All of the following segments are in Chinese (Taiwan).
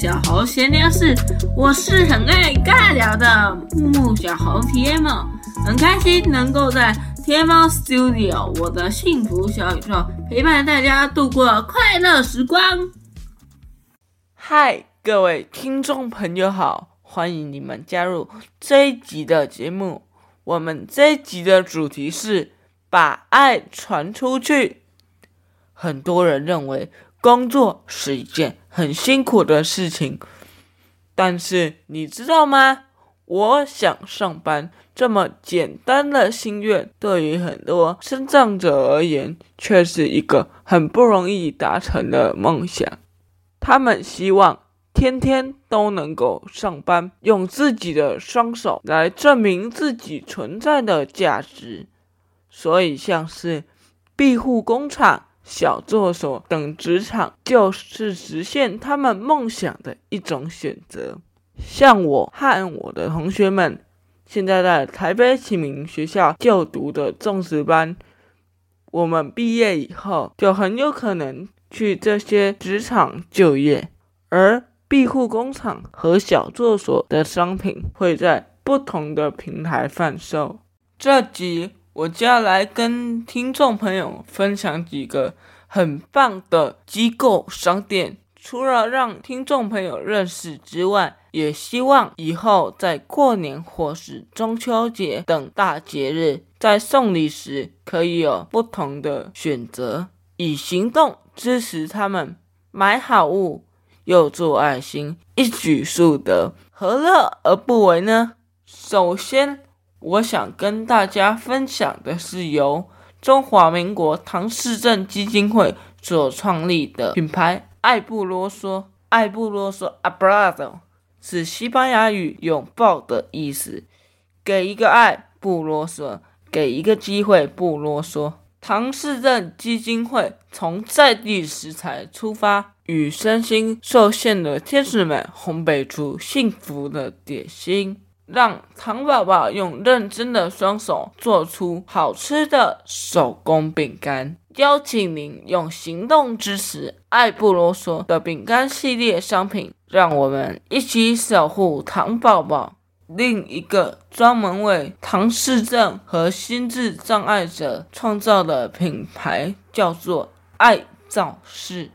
小猴閒聊室，我是很愛尬聊的沐沐小猴 T.M，很開心能夠在天貓 Studio 我的幸福小宇宙陪伴大家度過快樂時光。嗨，各位聽眾朋友好，歡迎你們加入這一集的節目。我們這一集的主題是把愛傳出去。很多人認為工作是一件很辛苦的事情，但是你知道嗎？我想上班，這麼簡單的心願，對於很多身障者而言，卻是一個很不容易達成的夢想。他們希望天天都能夠上班，用自己的雙手來證明自己存在的價值。所以，像是庇護工廠。小作所等職場就是實現他們夢想的一種選擇。像我和我的同學們，現在在台北啟明學校就讀的重職班，我們畢業以後就很有可能去這些職場就業。而庇護工廠和小作所的商品會在不同的平台販售。這集。我就要來跟聽眾朋友分享幾個很棒的機構商店，除了讓聽眾朋友認識之外，也希望以後在過年或是中秋節等大節日，在送禮時可以有不同的選擇，以行動支持他們，買好物又做愛心，一舉數得，何樂而不為呢？首先。我想跟大家分享的是由中華民國唐氏症基金會所創立的品牌“愛不囉嗦”，愛不囉嗦 （Abrazo） 是西班牙語“擁抱”的意思。給一個愛，不囉嗦；給一個機會，不囉嗦。唐氏症基金會從在地食材出發，與身心受限的天使們烘焙出幸福的點心。讓唐寶寶用認真的雙手做出好吃的手工餅乾，邀請您用行動支持愛不囉嗦的餅乾系列商品。讓我們一起守護唐寶寶。另一個專門為唐氏症和心智障礙者創造的品牌叫做“愛皂事”，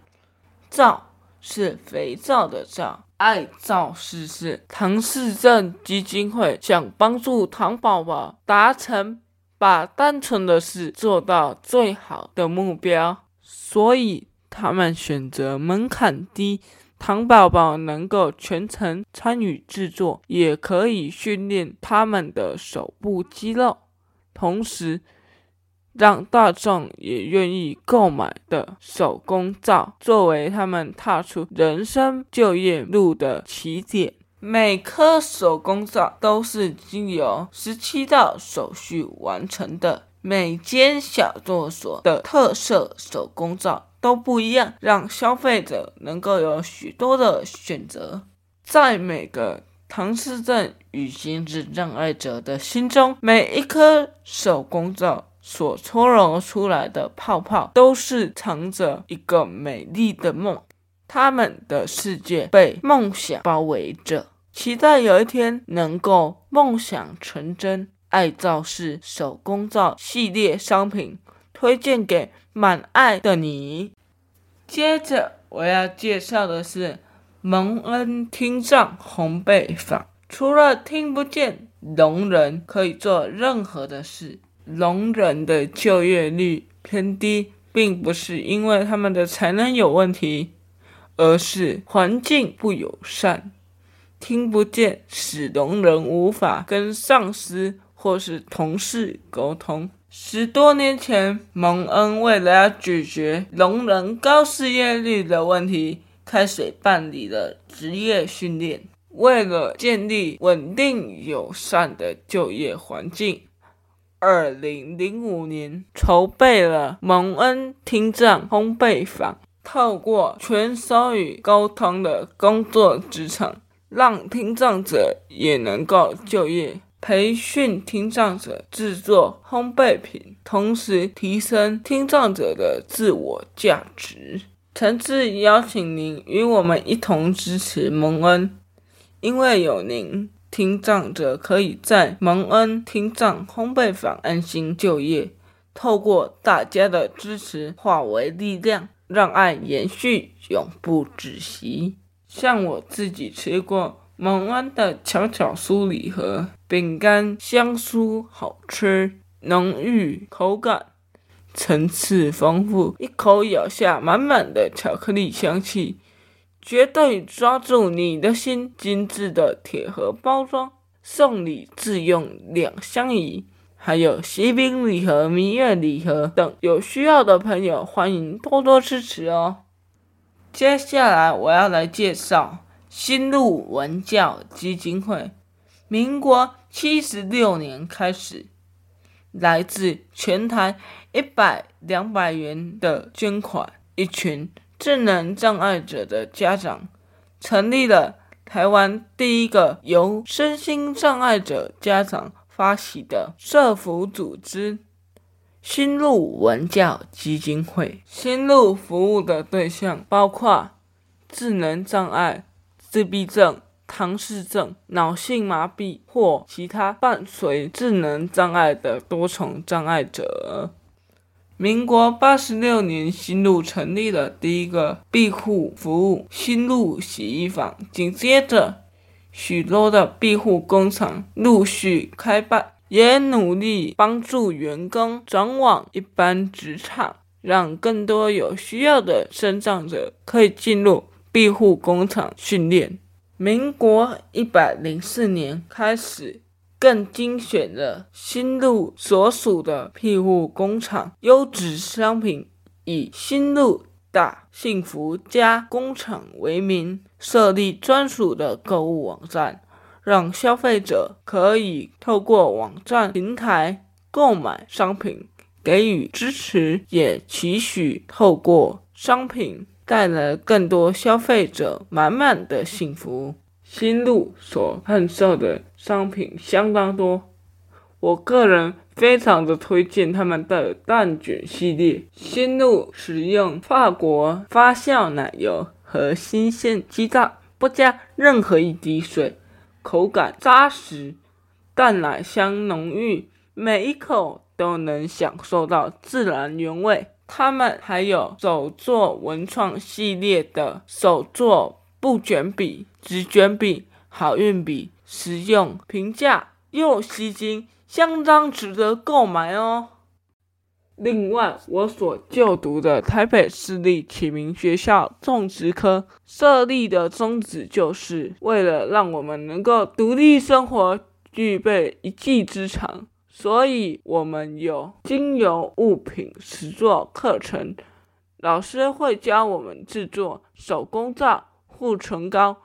皂是肥皂的皂。愛皂事唐氏症基金會想幫助唐寶寶達成把單純的事做到最好的目標，所以他們選擇門檻低，唐寶寶能夠全程參與製作，也可以訓練他們的手部肌肉，同時，讓大眾也願意購買的手工皂，作為他們踏出人生就業路的起點。每顆手工皂都是經由十七道手續完成的，每間小作所的特色手工皂都不一樣，讓消費者能夠有許多的選擇。在每個唐氏症與心智障礙者的心中，每一顆手工皂。所搓揉出來的泡泡都是藏着一個美麗的夢，他們的世界被夢想包圍着，期待有一天能夠夢想成真。愛皂事手工皂系列商品，推薦給滿愛的你。接着我要介紹的是蒙恩聽障烘焙坊，除了聽不見，聾人可以做任何的事。聾人的就業率偏低，並不是因為他們的才能有問題，而是環境不友善。聽不見使聾人無法跟上司或是同事溝通。十多年前，蒙恩為了要解決聾人高失業率的問題，開始辦理了職業訓練，為了建立穩定友善的就業環境。二零零五年，籌備了蒙恩聽障烘焙坊，透過全手語溝通的工作職場，讓聽障者也能夠就業，培訓聽障者制作烘焙品，同時提升聽障者的自我價值。誠摯邀請您與我們一同支持蒙恩，因為有您。聽障者可以在蒙恩聽障烘，烘焙坊安心就業。透過大家的支持，化為力量，讓愛延續，永不止息。像我自己吃過蒙恩的巧巧酥禮盒餅乾，香酥好吃，濃郁口感，層次豐富，一口咬下，滿滿的巧克力香氣。絕對抓住你的心！精緻的鐵盒包裝，送禮自用兩相宜，還有喜餅禮盒、蜜月禮盒等，有需要的朋友歡迎多多支持哦！接下來我要來介紹心路文教基金會，民國七十六年開始，來自全台一百兩百元的捐款一群，智能障礙者的家長成立了台灣第一個由身心障礙者家長發起的社福組織——心路文教基金會。心路服務的對象包括智能障礙、自閉症、唐氏症、腦性麻痹或其他伴隨智能障礙的多重障礙者。民國八十六年，心路成立了第一個庇護服務——心路洗衣房，緊接着，許多的庇護工廠陸續開辦，也努力幫助員工轉往一般職場，讓更多有需要的生長者可以進入庇護工廠訓練。民國一百零四年開始，更精選了心路所屬的庇護工廠優質商品，以“心路大幸福加工場”為名設立專屬的購物網站，讓消費者可以透過網站平台購買商品，給予支持，也期許透過商品帶來更多消費者滿滿的幸福。心路所販售的商品相當多，我個人非常的推薦他們的蛋捲系列。心路使用法國發酵奶油和新鮮雞蛋，不加任何一滴水，口感紮實，蛋奶香濃郁，每一口都能享受到自然原味。他們還有手作文創系列的手作，不卷筆，只卷筆，好運筆，實用、平價又吸睛，相當值得購買哦。另外，我所就讀的台北市立啟明學校種植科設立的宗旨就是為了讓我們能夠獨立生活，具備一技之長，所以我們有精油物品製作課程，老師會教我們製作手工皂、護唇膏。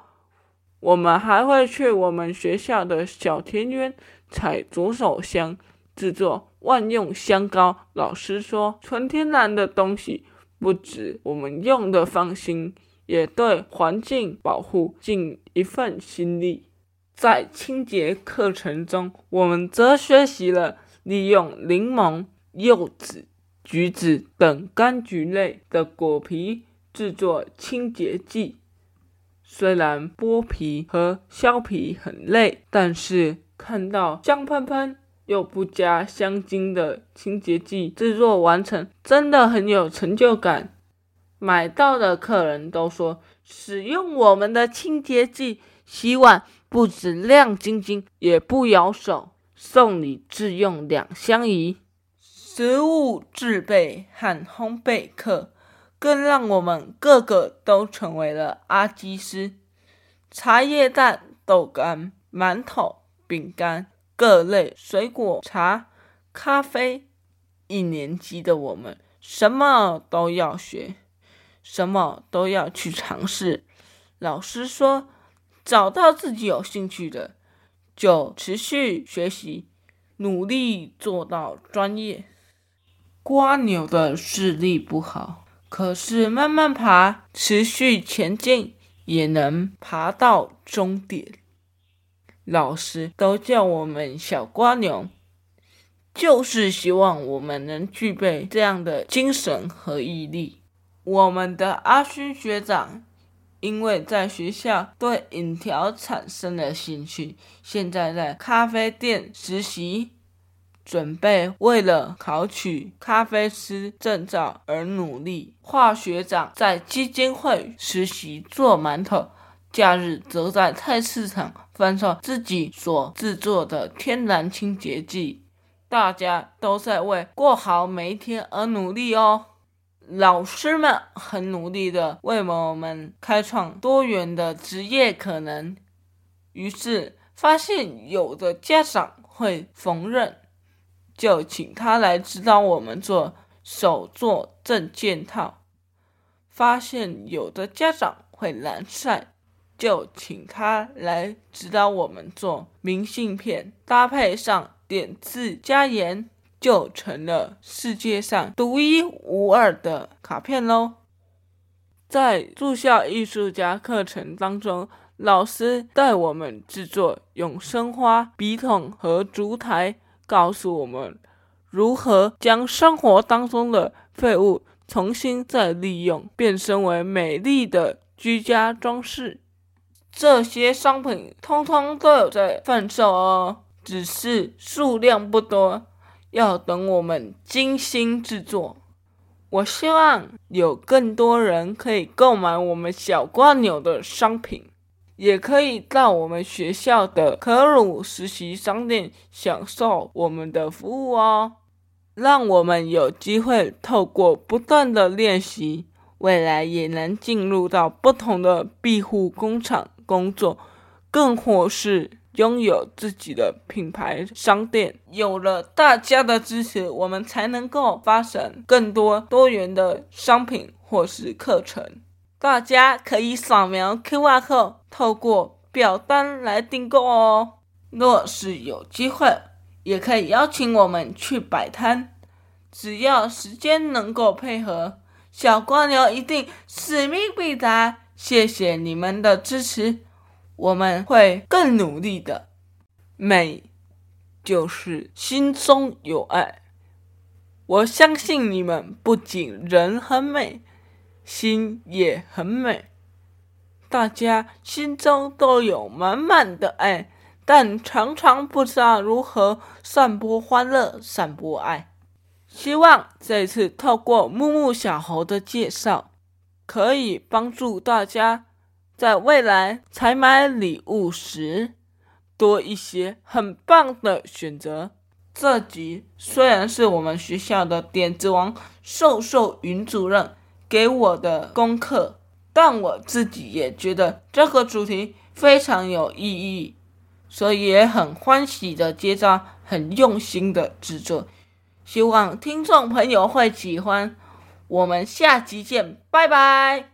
我們還會去我們學校的小田園採左手香，製作萬用香膏。老師說，純天然的東西不止我們用的放心，也對環境保護盡一份心力。在清潔課程中，我們則學習了利用檸檬、柚子、橘子等柑橘類的果皮製作清潔劑。雖然剝皮和削皮很累，但是看到香噴噴又不加香精的清潔劑制作完成，真的很有成就感。買到的客人都說，使用我們的清潔劑，洗碗不止亮晶晶，也不咬手。送禮自用兩相宜。食物制備和烘焙課。更讓我們個個都成為了阿基師，茶葉蛋、豆干、饅頭、餅乾、各類水果茶、咖啡。一年級的我們，什麼都要學，什麼都要去嘗試。老師說，找到自己有興趣的，就持續學習，努力做到專業。蝸牛的視力不好。可是，慢慢爬，持續前進，也能爬到終點。老師都叫我們“小蝸牛”，就是希望我們能具備這樣的精神和毅力。我們的阿虛學長，因為在學校對飲調產生了興趣，現在在咖啡店實習。準備為了考取咖啡師證照而努力。化學長在基金會實習做饅頭，假日則在菜市場翻炒自己所製作的天然清潔劑。大家都在為過好每一天而努力哦。老師們很努力地為我們開創多元的職業可能。於是發現有的家長會縫紉。就請他來指導我們做手作證件套。發現有的家長會懶散，就請他來指導我們做明信片，搭配上點字加鹽，就成了世界上獨一無二的卡片嘍。在駐校藝術家課程當中，老師帶我們製作永生花筆筒和燭台，告訴我們如何將生活當中的廢物重新再利用，變身為美麗的居家裝飾。這些商品通通都有在販售哦，只是數量不多，要等我們精心制作。我希望有更多人可以購買我們小蝸牛的商品。也可以到我們學校的可魯實習商店享受我們的服務哦，讓我們有機會透過不斷的練習，未來也能進入到不同的庇護工廠工作，更或是擁有自己的品牌商店。有了大家的支持，我們才能夠發展更多多元的商品或是課程。大家可以掃描 Q R c 透過表單來訂購哦。若是有機會，也可以邀請我們去擺攤，只要時間能夠配合，小蝸牛一定使命必達。謝謝你們的支持，我們會更努力的。美，就是心中有愛。我相信你們不僅人很美，心也很美，大家心中都有滿滿的愛，但常常不知道如何散播歡樂、散播愛。希望這次透過沐沐小猴的介紹，可以幫助大家在未來採買禮物時多一些很棒的選擇。這集雖然是我們學校的點子王獸獸云主任。給我的功課，但我自己也覺得這個主題非常有意義，所以也很歡喜的接招，很用心的制作，希望聽眾朋友會喜歡，我們下期見，拜拜。